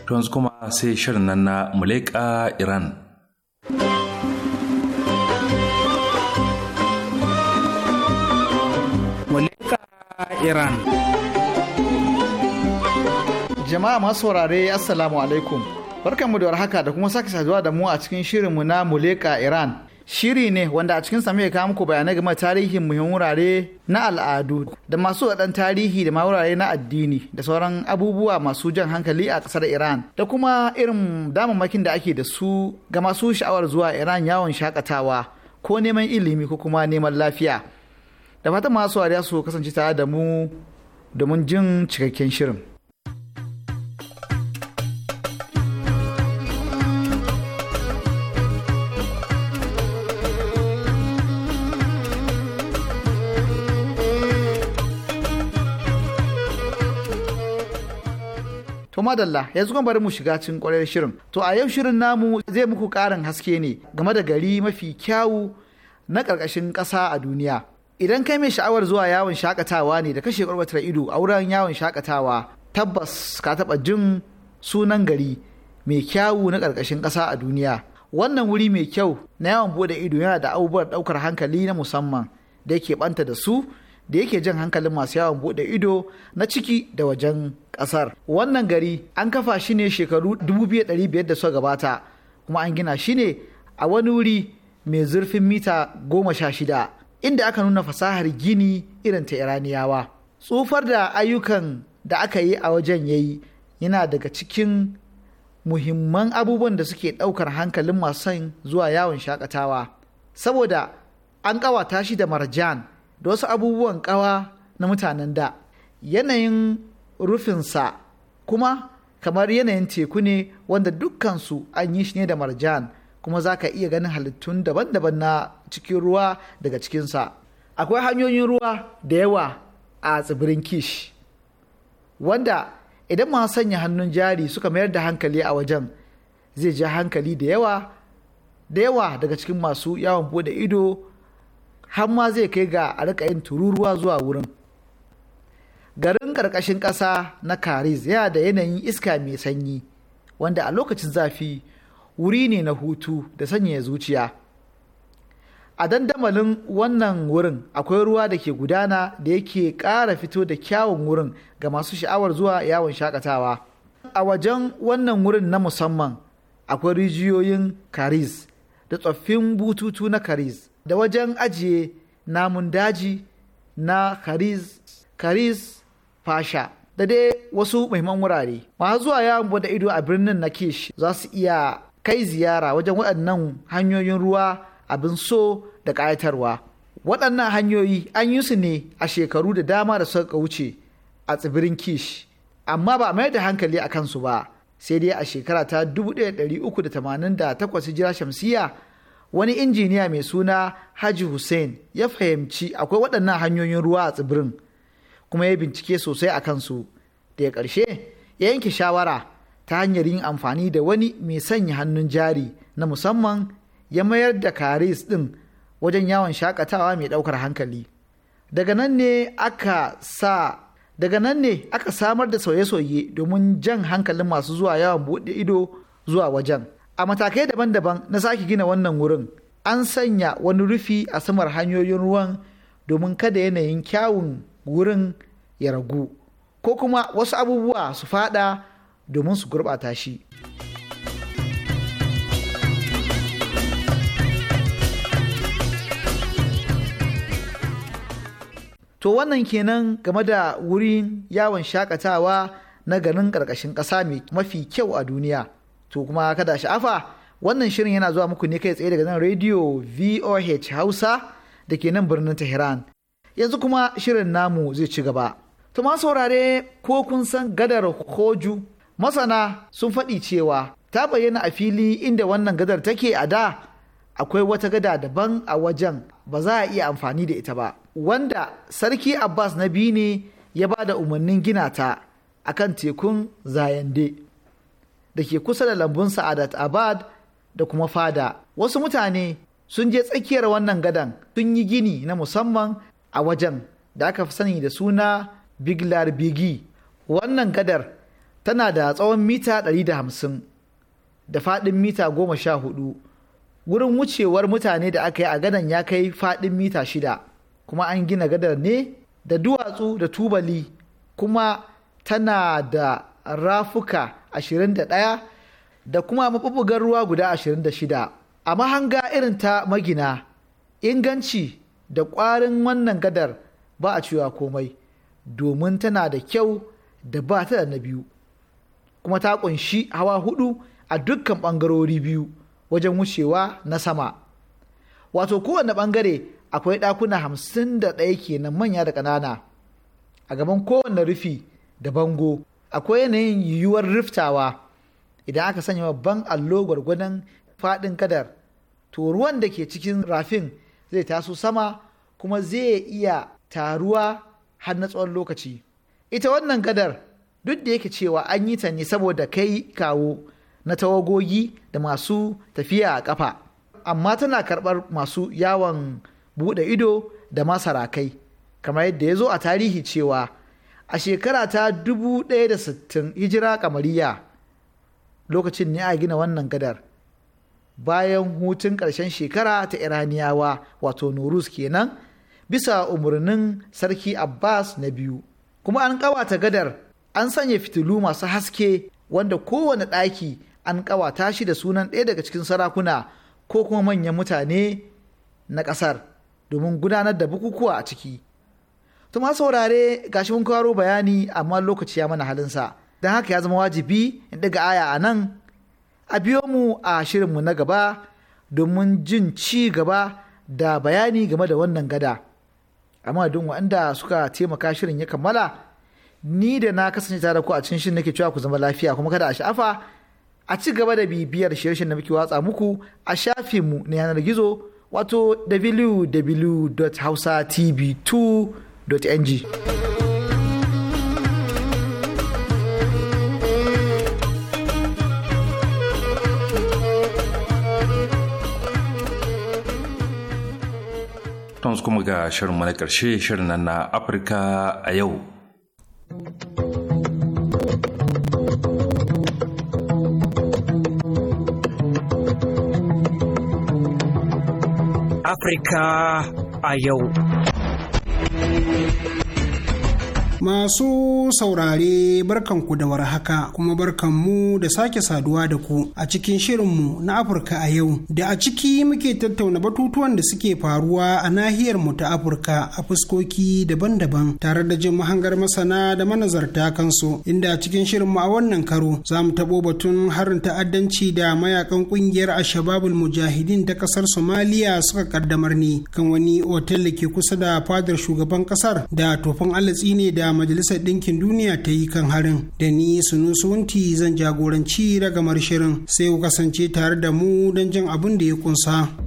To yanzu kuma sai shirin nan na Muleka Iran. Muleka Iran. Jama'a masu saurare Assalamu alaikum. Barkanmu da warhaka da kuma sake saduwa da mu a cikin shirinmu na Muleka Iran. shiri ne wanda a cikin ya kawo muku bayanai game tarihin muhimman wurare na al'adu da masu wadan tarihi da ma wurare na addini da sauran abubuwa masu jan hankali a ƙasar Iran da kuma irin damammakin da ake da su ga masu sha'awar zuwa Iran yawon shakatawa ko neman ilimi ko kuma neman lafiya. Da fatan masu wariya su kasance tare da mu domin jin cikakken shirin. madalla yanzu kuma bari mu shiga cikin kwarar shirin to a yau shirin namu zai muku karin haske ne game da gari mafi kyawu na karkashin kasa a duniya idan kai mai sha'awar zuwa yawon shakatawa ne da kashe kwarbatar ido a wurin yawon shakatawa tabbas ka taɓa jin sunan gari mai kyawu na karkashin ƙasa a duniya wannan wuri mai kyau na yawon bude ido yana da abubuwan ɗaukar hankali na musamman da yake banta da su da yake jan hankalin masu yawon bude ido na ciki da wajen kasar wannan gari an kafa shi ne shekaru 2500 da suka gabata kuma an gina shi ne a wani wuri mai zurfin mita goma sha shida inda aka nuna fasahar gini irin ta iraniyawa tsufar da ayyukan da aka yi a wajen yayi yana daga cikin muhimman abubuwan da suke ɗaukar hankalin masu son zuwa yawon shakatawa saboda an ƙawata shi da marjan da wasu abubuwan ƙawa na mutanen da yanayin rufinsa kuma kamar yanayin teku ne wanda dukkansu an yi shi ne da marjan kuma za ka iya ganin halittun daban-daban na cikin ruwa daga cikinsa akwai hanyoyin ruwa da yawa a tsibirin kish wanda idan ma sanya hannun jari suka mayar da hankali a wajen zai ja hankali da yawa da yawa daga cikin masu yawon bude ido har ma zai kai ga a rika yin tururuwa zuwa wurin garin ƙarƙashin ƙasa na Kariz yana da yanayin iska mai sanyi wanda a lokacin zafi wuri ne na hutu da sanya zuciya. A dandamalin wannan wurin akwai ruwa da ke gudana da yake ƙara fito da kyawun wurin ga masu sha'awar zuwa yawon shakatawa. A wajen wannan wurin na musamman akwai rijiyoyin Kariz da tsoffin bututu na Kariz da wajen ajiye namun daji na Kariz Karis fasha da dai wasu muhimman wurare masu zuwa yawon bude ido a birnin na kish za su iya kai ziyara wajen waɗannan hanyoyin ruwa abin so da ƙayatarwa waɗannan hanyoyi an yi su ne a shekaru da dama da suka wuce a tsibirin kish amma ba a mayar da hankali a kansu ba sai dai a shekara ta 1388 jira shamsiya wani injiniya mai suna haji hussein ya fahimci akwai waɗannan hanyoyin ruwa a tsibirin kuma ya bincike sosai a kansu daga ƙarshe ya yanke shawara ta hanyar yin amfani da wani mai sanya hannun jari na musamman ya mayar da karis ɗin wajen yawon shakatawa mai ɗaukar hankali daga nan ne aka sa daga nan ne aka samar da sauye-sauye domin jan hankalin masu zuwa yawon buɗe ido zuwa wajen a matakai daban-daban na sake gina wannan wurin an sanya wani rufi a samar hanyoyin ruwan domin kada yanayin kyawun wurin ya ragu ko kuma wasu abubuwa su fada domin su gurɓata shi. To wannan kenan game da wurin yawon shakatawa na garin ƙarƙashin ƙasa mafi kyau a duniya. To kuma kada sha'afa wannan shirin yana zuwa muku ne kai tsaye daga nan rediyo VOH Hausa da ke nan birnin Tehran. Yanzu kuma shirin namu zai ci gaba. Tuma saurare ko kun san gadar Hoju masana sun faɗi cewa ta bayyana a fili inda wannan gadar take a da akwai wata gada daban a wajen ba za a iya amfani da ita ba wanda sarki abbas na biyu ne ya ba da umarnin gina ta a kan tekun zayande da ke kusa da lambun sa'adat abad da kuma fada wasu mutane sun je tsakiyar wannan gadan sun yi gini na musamman a wajen da aka fi sani da suna biglar bigi wannan gadar tana da tsawon mita 150 da faɗin mita 14 wurin wucewar mutane da aka yi a gadan ya kai faɗin mita 6 kuma an gina gadar ne da duwatsu da tubali kuma tana da rafuka 21 da kuma maɓuɓɓugar ruwa guda 26 a mahanga irin ta magina inganci da ƙwarin wannan gadar ba a cewa komai domin tana da kyau da ba ta da na biyu kuma ta ƙunshi hawa hudu a dukkan ɓangarori biyu wajen wucewa na sama wato kowane ɓangare akwai ɗakuna hamsin da ɗaya kenan manya da ƙanana a gaban kowane rufi da bango akwai yanayin yiwuwar riftawa idan aka sanya babban allo gwargwadon faɗin kadar to ruwan da ke cikin rafin zai taso sama kuma zai iya taruwa har na tsawon lokaci ita wannan gadar duk da yake cewa an yi ta ne saboda kai kawo na tawagogi da masu tafiya a ƙafa. amma tana karɓar masu yawon buɗe ido da masarakai kamar yadda ya zo a tarihi cewa a shekara ta sittin, hijira kamariya lokacin ne a gina wannan gadar bayan hutun ƙarshen shekara ta iraniyawa wato Nor'us kenan bisa umarnin sarki Abbas na biyu. Kuma an ƙawata gadar an sanya fitilu masu haske wanda kowane ɗaki an ƙawata shi da sunan ɗaya daga cikin sarakuna ko kuma manyan mutane na ƙasar domin gudanar da bukukuwa a ciki. Tuma saurare gashi mun kawo bayani amma lokaci ya mana halinsa don haka ya zama wajibi in ɗaga aya a nan a biyo mu a shirinmu na gaba domin jin ci gaba da bayani game da wannan gada. amma don wanda suka taimaka shirin ya kammala ni da na kasance tare ku a cikin shirin nake cewa ku zama lafiya kuma kada a sha'afa a ci gaba da bibiyar shirye da muke watsa muku a mu na yanar gizo wato www.hausatv2.ng. tons kuma ga shirin na ƙarshe shirin na Afirka a yau. Afirka a yau. Masu saurare barkanku da warhaka kuma barkanmu da sake saduwa da ku a cikin shirinmu na Afirka a yau da a ciki muke tattauna batutuwan da suke faruwa a nahiyar mu ta Afirka a fuskoki daban-daban tare da jin mahangar masana da manazarta kansu inda a cikin shirinmu a wannan karo za mu tabo batun harin ta'addanci da mayakan ƙungiyar Ashababul Mujahidin ta ƙasar Somaliya suka kaddamar ne kan wani otel da ke kusa da fadar shugaban ƙasar? da tofin alatsi ne da da majalisar ɗinkin duniya ta yi kan harin da ni sunusunti zan jagoranci ragamar shirin sai ku kasance tare da mu don jin abin da ya kunsa.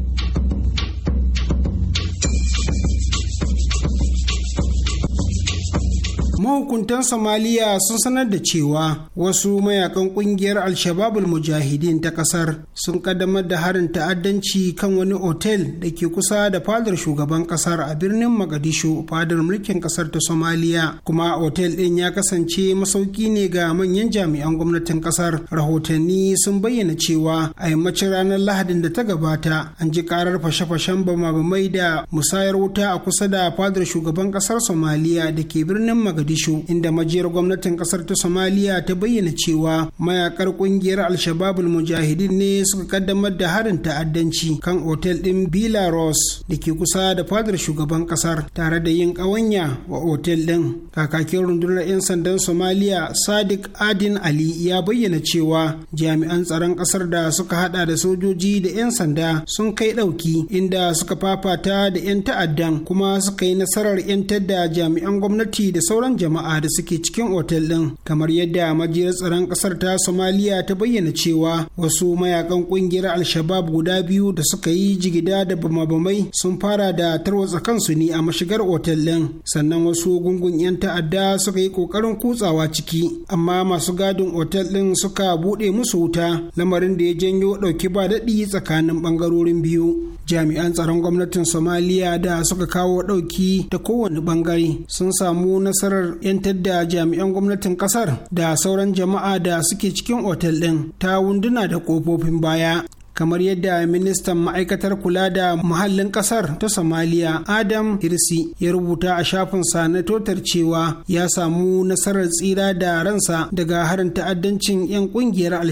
mahukuntan somaliya sun sanar da cewa wasu mayakan kungiyar alshababul mujahidin ta kasar sun kaddamar da harin ta'addanci kan wani otel da ke kusa da fadar shugaban kasar a birnin magadishu fadar mulkin kasar ta somaliya kuma otel ɗin ya kasance masauki ne ga manyan jami'an gwamnatin kasar rahotanni sun bayyana cewa a yammacin ranar lahadin da ta gabata an ji karar fashe-fashen bama-bamai da musayar wuta a kusa da fadar shugaban kasar somaliya da ke birnin magadishu Mogadishu inda majiyar gwamnatin kasar ta somaliya ta bayyana cewa mayakar kungiyar alshababul Mujahidin ne suka kaddamar da harin ta'addanci kan otel ɗin Belarus da ke kusa da fadar shugaban kasar tare da yin kawanya wa otel din. Kakakin rundunar 'yan sandan Somalia Sadiq Adin Ali ya bayyana cewa jami'an tsaron kasar da suka hada da sojoji da 'yan sanda sun kai dauki inda suka fafata da 'yan ta'addan kuma suka yi nasarar 'yantar da jami'an gwamnati da sauran jama'a jama'a da suke cikin otel ɗin kamar yadda majiyar tsaron ƙasar ta somaliya ta bayyana cewa wasu mayakan ƙungiyar al-shabab guda biyu da suka yi jigida da bama-bamai sun fara da tarwatsa kansu ne a mashigar otel ɗin sannan wasu gungun 'yan ta'adda suka yi ƙoƙarin kutsawa ciki amma masu gadin otel ɗin suka buɗe musu wuta lamarin da ya janyo ɗauki ba daɗi tsakanin ɓangarorin biyu jami'an tsaron gwamnatin somaliya da suka kawo ɗauki ta kowane ɓangare sun samu nasarar 'yantar da jami'an gwamnatin kasar da sauran jama'a da suke cikin otel ɗin ta wunduna da ƙofofin baya kamar yadda ministan ma'aikatar kula da muhallin kasar ta somaliya adam hirsi ya rubuta a shafin sa na totar cewa ya samu nasarar tsira da ransa daga harin ta'addancin 'yan kungiyar al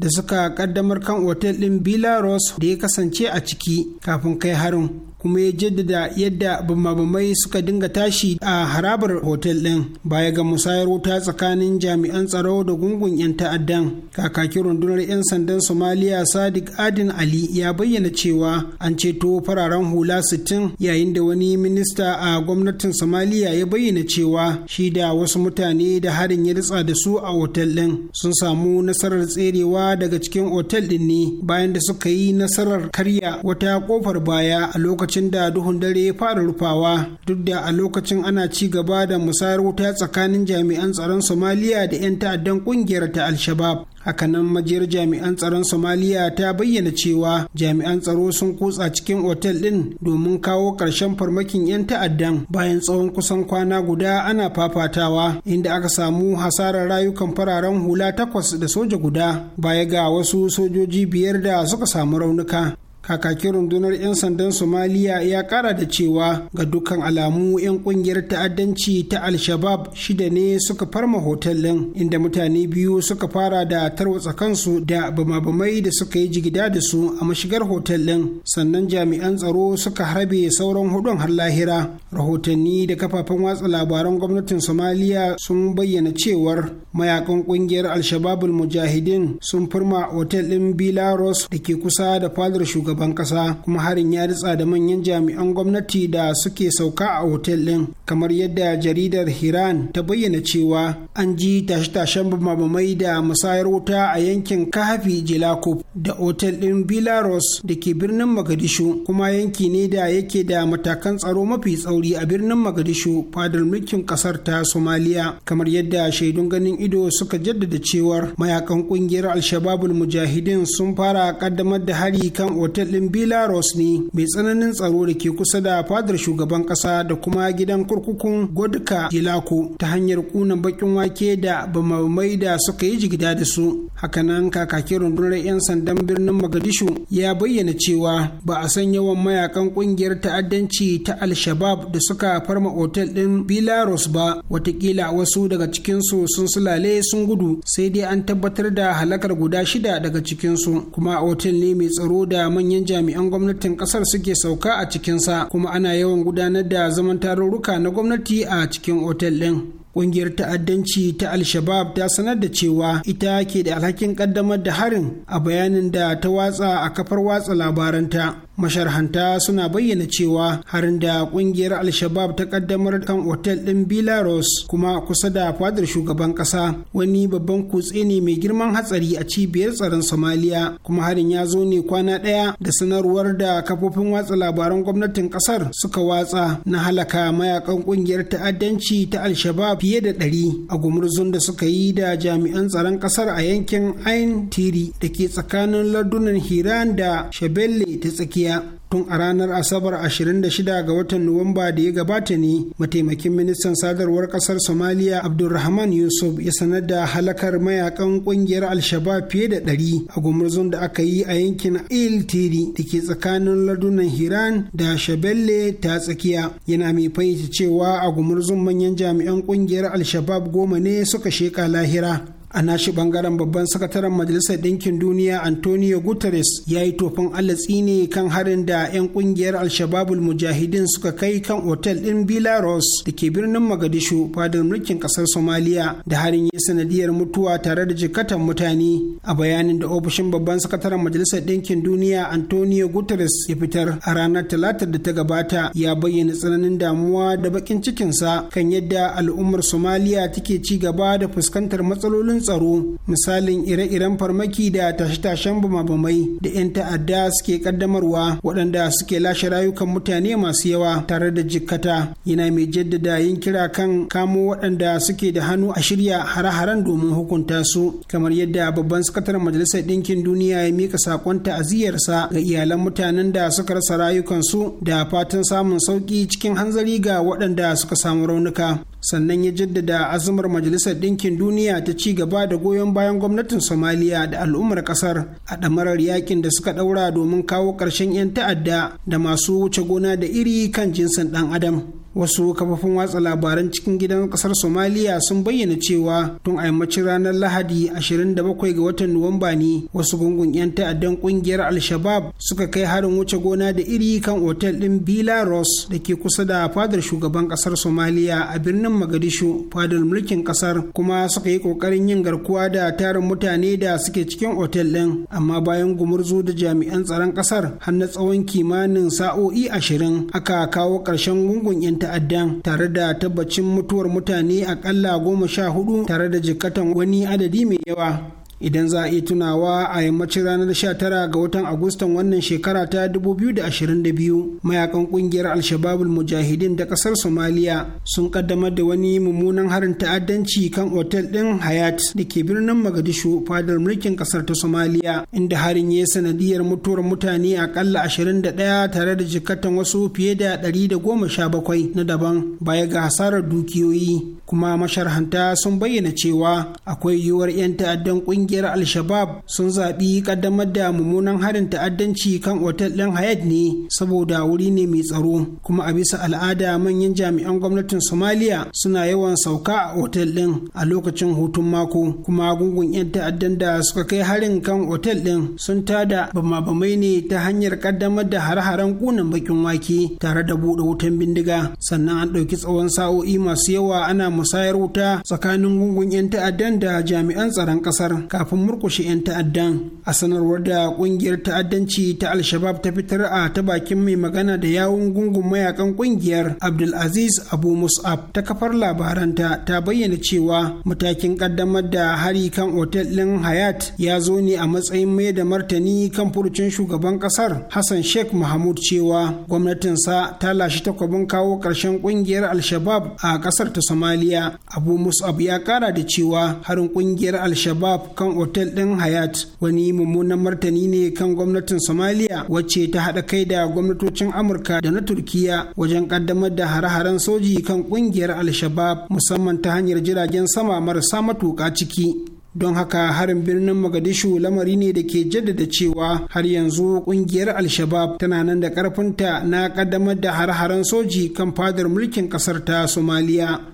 da suka kaddamar kan otel ɗin belarus da ya kasance a ciki kafin kai harin kuma ya jaddada yadda bamabamai suka dinga tashi a harabar hotel din baya ga musayar wuta tsakanin jami'an tsaro da gungun 'yan ta'addan kakakin rundunar 'yan sandan somaliya sadiq adin ali ya bayyana cewa an ceto fararen hula 60 yayin da wani minista a gwamnatin somaliya ya bayyana cewa shi da wasu mutane da harin ya ritsa da su a otal din sun samu nasarar tserewa daga cikin otal din ne bayan da suka yi nasarar karya wata kofar baya a lokacin lokacin da duhun dare ya fara rufawa duk da a lokacin ana ci gaba da musayar wuta tsakanin jami'an tsaron somaliya da 'yan ta'addan kungiyar ta al-shabab hakanan majiyar jami'an tsaron somaliya ta bayyana cewa jami'an tsaro sun kutsa cikin otel ɗin domin kawo ƙarshen farmakin 'yan ta'addan bayan tsawon kusan kwana guda ana fafatawa inda aka samu hasarar rayukan fararen hula takwas da soja guda baya ga wasu sojoji biyar da suka samu raunuka kakakin rundunar 'yan sandan somaliya ya kara da cewa ga dukkan alamu 'yan kungiyar ta'addanci ta al-shabab shida ne suka farma hotel din inda mutane biyu suka fara da tarwatsa kansu da bama da suka yi jigida da su a mashigar hotel din sannan jami'an tsaro suka harbe sauran hudun har lahira rahotanni da kafafen watsa labaran gwamnatin somaliya sun bayyana cewar mayakan kungiyar al-shabab mujahidin sun farma hotel din bilaros da ke kusa da fadar shugaban shugaban kasa kuma harin ya ritsa da manyan jami'an gwamnati da suke sauka a otel ɗin kamar yadda jaridar hiran ta bayyana cewa an ji tashe-tashen mamamai da musayar wuta a yankin kahafi jelakub da otel ɗin belarus da ke birnin magadishu kuma yanki ne da yake da matakan tsaro mafi tsauri a birnin magadishu fadar mulkin kasar ta somaliya kamar yadda shaidun ganin ido suka jaddada cewar mayakan kungiyar alshababul mujahidin sun fara kaddamar da hari kan otel otel ɗin belarus ne mai tsananin tsaro da ke kusa da fadar shugaban ƙasa da kuma gidan kurkukun godka gilako ta hanyar kunan baƙin wake da bamamai da suka yi jigida da su hakanan kakakin rundunar 'yan sandan birnin magadishu ya bayyana cewa ba a san yawan mayakan ƙungiyar ta'addanci ta al-shabab da suka farma otel ɗin belarus ba watakila wasu daga cikinsu sun sulale sun gudu sai dai an tabbatar da halakar guda shida daga cikinsu kuma otel ne mai tsaro da manyan manyan jami'an gwamnatin kasar suke sauka a cikinsa kuma ana yawan gudanar da zaman tarurruka na gwamnati a cikin otel ɗin Ƙungiyar ta'addanci ta Al-Shabab ta sanar da cewa ita ke da alhakin ƙaddamar da harin a bayanin da ta watsa a kafar watsa labaranta. masharhanta suna bayyana cewa harin da kungiyar al-shabab ta kaddamar kan otel ɗin belarus kuma kusa da fadar shugaban ƙasa wani babban kutse ne mai girman hatsari a cibiyar tsaron somaliya kuma harin ya zo ne kwana ɗaya da sanarwar da kafofin watsa labaran gwamnatin ƙasar suka watsa na halaka mayakan kungiyar ta'addanci ta al-shabab fiye da ɗari a gumurzun da suka yi da jami'an tsaron ƙasar a yankin ain tiri da ke tsakanin lardunan hiran da shabelle ta tsakiya turkiya tun a ranar asabar 26 ga watan nuwamba da ya gabata ne mataimakin ministan sadarwar kasar somaliya abdulrahman yusuf ya sanar da halakar mayakan kungiyar alshabab fiye da 100 a gumurzun da aka yi a yankin il tiri da ke tsakanin ladunan hiran da shabelle ta tsakiya yana mai fahimta cewa a gumurzun manyan jami'an kungiyar alshabab goma ne suka sheka lahira a nashi bangaren babban sakataren majalisar ɗinkin duniya antonio guterres ya yi tofin allah ne kan harin da 'yan ƙungiyar alshababul mujahidin suka kai kan otel ɗin Bilaros da ke birnin magadishu fadar mulkin ƙasar somaliya da harin ya sanadiyar mutuwa tare da jikatan mutane a bayanin da ofishin babban sakataren majalisar ɗinkin duniya antonio guterres ya fitar a ranar talatar da ta gabata ya bayyana tsananin damuwa da bakin cikinsa kan yadda al'ummar somaliya take ci gaba da fuskantar matsalolin tsaro misalin ire-iren farmaki da tashe-tashen bamabamai da 'yan ta'adda suke kaddamarwa waɗanda suke lashe rayukan mutane masu yawa tare da jikkata yana mai jaddada yin kira kan kamo waɗanda suke da hannu a shirya hare-haren domin hukunta su kamar yadda babban sakataren majalisar ɗinkin duniya ya mika saƙon ta'aziyarsa ga iyalan mutanen da suka rasa rayukansu da fatan samun sauki cikin hanzari ga waɗanda suka samu raunuka sannan ya jaddada azumar majalisar ɗinkin duniya ta ci gaba da goyon bayan gwamnatin somaliya da al'ummar ƙasar a ɗamarar yakin da suka ɗaura domin kawo ƙarshen 'yan ta'adda da masu wuce gona da iri kan jinsin ɗan adam wasu kafafin watsa labaran cikin gidan kasar somaliya sun bayyana cewa tun a yammacin ranar lahadi 27 ga watan nuwamba ne wasu gungun 'yan ta'addan kungiyar al-shabab suka kai harin wuce gona da iri kan otel din bila ross da ke kusa da fadar shugaban kasar somaliya a birnin magadishu fadar mulkin kasar kuma suka yi kokarin yin garkuwa da tarin mutane da suke cikin otel din amma bayan gumurzu da jami'an tsaron kasar har na tsawon kimanin sa'o'i 20 aka kawo ƙarshen gungun 'yan ta'addan tare da tabbacin mutuwar mutane akalla goma sha hudu tare da jikatan wani adadi mai yawa idan za a iya tunawa a yammacin ranar 19 ga watan agustan wannan shekara ta 2022 mayakan kungiyar alshababul mujahidin da kasar somaliya sun kaddamar da wani mummunan harin ta'addanci kan otel din hayat da ke birnin magadishu fadar mulkin kasar ta somaliya inda harin ya sanadiyar mutuwar mutane akalla 21 tare da jikatan wasu fiye da 117 na daban baya ga hasarar dukiyoyi kuma masharhanta sun bayyana cewa akwai yiwuwar 'yan ta'addan kungiyar kungiyar al-shabab sun zaɓi ƙaddamar da mummunan harin ta'addanci kan otel ɗin hayat ne saboda wuri ne mai tsaro kuma a bisa al'ada manyan jami'an gwamnatin somaliya suna yawan sauka a otel ɗin a lokacin hutun mako kuma gungun 'yan ta'addan da suka kai harin kan otel ɗin sun tada bama-bamai ne ta hanyar ƙaddamar da hare-haren ƙunan bakin wake tare da buɗe wutan bindiga sannan an ɗauki tsawon sa'o'i masu yawa ana musayar wuta tsakanin gungun 'yan ta'addan da jami'an tsaron ƙasar kafin murkushe 'yan ta'addan a sanarwar da kungiyar ta'addanci ta alshabab ta fitar a ta bakin mai magana da yawun gungun mayakan kungiyar abdulaziz abu mus'ab ta kafar labaranta ta bayyana cewa matakin kaddamar da hari kan otel ɗin hayat ya zo ne a matsayin mai da martani kan furucin shugaban kasar hassan sheikh mahmud cewa gwamnatinsa ta lashe takwabin kawo ƙarshen kungiyar alshabab a kasar ta somaliya abu mus'ab ya kara da cewa harin kungiyar alshabab kan otel ɗin hayat wani mummunan martani ne kan gwamnatin somaliya wacce ta haɗa kai da gwamnatocin amurka da na turkiya wajen ƙaddamar da hare-haren soji kan ƙungiyar al-shabab musamman ta hanyar jiragen sama marasa matuƙa ciki don haka harin birnin Magadishu lamari ne da ke jaddada cewa har yanzu kungiyar Al-Shabab tana nan da karfinta na kaddamar da har-haren soji kan fadar mulkin kasar ta Somaliya.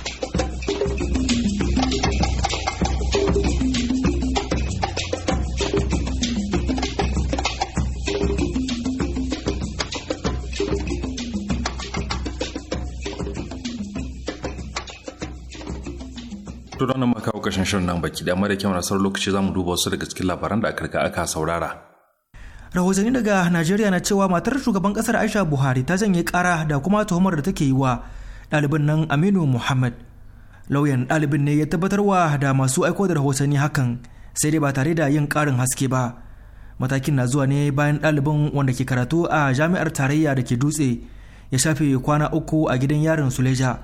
kawo shirin nan baki da mara kyau sauran lokaci za mu duba wasu daga cikin labaran da aka riga aka saurara. Rahotanni daga Najeriya na cewa matar shugaban kasar Aisha Buhari ta janye kara da kuma tuhumar da take yi wa ɗalibin nan Aminu Muhammad. Lauyan ɗalibin ne ya tabbatar wa da masu aiko da rahotanni hakan sai dai ba tare da yin ƙarin haske ba. Matakin na zuwa ne bayan ɗalibin wanda ke karatu a jami'ar tarayya da ke dutse ya shafe kwana uku a gidan yarin Suleja.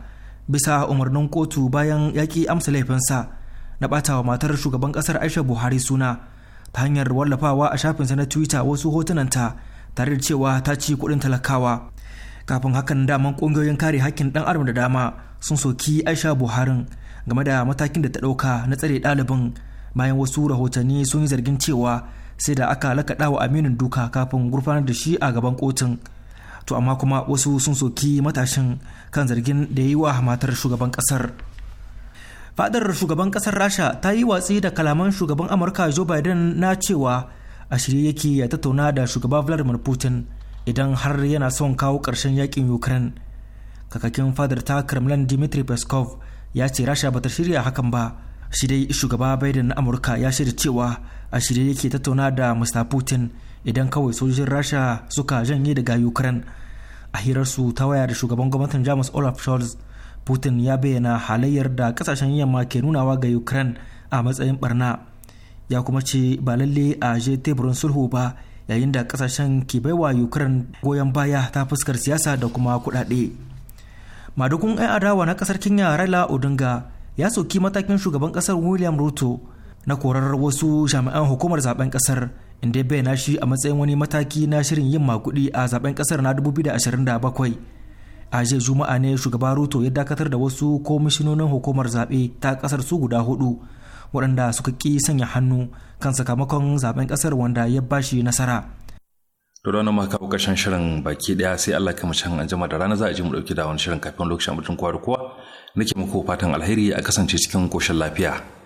bisa umarnin kotu bayan yaƙi amsa laifinsa na ɓatawa matar shugaban ƙasar aisha buhari suna ta hanyar wallafawa a shafinsa na twitter wasu hotunanta tare da cewa ta ci kuɗin talakawa kafin hakan daman ƙungiyoyin kare hakkin ɗan adam da dama sun soki aisha buhari game da matakin da ta ɗauka na tsare ɗalibin bayan wasu rahotanni sun yi zargin cewa sai da aka lakaɗa wa aminin duka kafin gurfanar da shi a gaban kotun to amma kuma wasu sun soki matashin kan zargin da ya yi wa matar shugaban ƙasar fadar shugaban kasar rasha ta yi watsi da kalaman shugaban amurka joe biden na cewa a shirye yake ya tattauna da shugaba vladimir putin idan har yana son kawo karshen yakin ukraine kakakin fadar ta kremlin dmitry peskov ya ce rasha bata shirya hakan ba shi dai shugaba biden na amurka ya shirya cewa a shirye yake tattauna da mr putin idan kawai sojojin rasha suka janye daga ukraine a hirarsu ta waya da shugaban gwamnatin jamus olaf scholz putin ya bayyana halayyar da kasashen yamma ke nunawa ga ukraine a matsayin barna ya kuma ce ba lalle a je teburin sulhu ba yayin da kasashen ke baiwa ukraine goyon baya ta fuskar siyasa da kuma kudade madukun 'yan adawa na kasar kenya raila odinga ya soki matakin shugaban kasar william ruto na korar wasu jami'an hukumar zaben kasar inda ya bayyana shi a matsayin wani mataki na shirin yin makudi a zaben kasar na 2027 a jiya juma'a ne shugaba ruto ya dakatar da wasu komishinonin hukumar zaɓe ta ƙasar su guda hudu waɗanda suka ƙi sanya hannu kan sakamakon zaben ƙasar wanda ya ba bashi nasara Dora na maka ƙarshen shirin baki ɗaya sai allah kama can an jima da rana za a ji mu ɗauki da wani shirin kafin lokacin abincin kowa da nake muku fatan alheri a kasance cikin koshin lafiya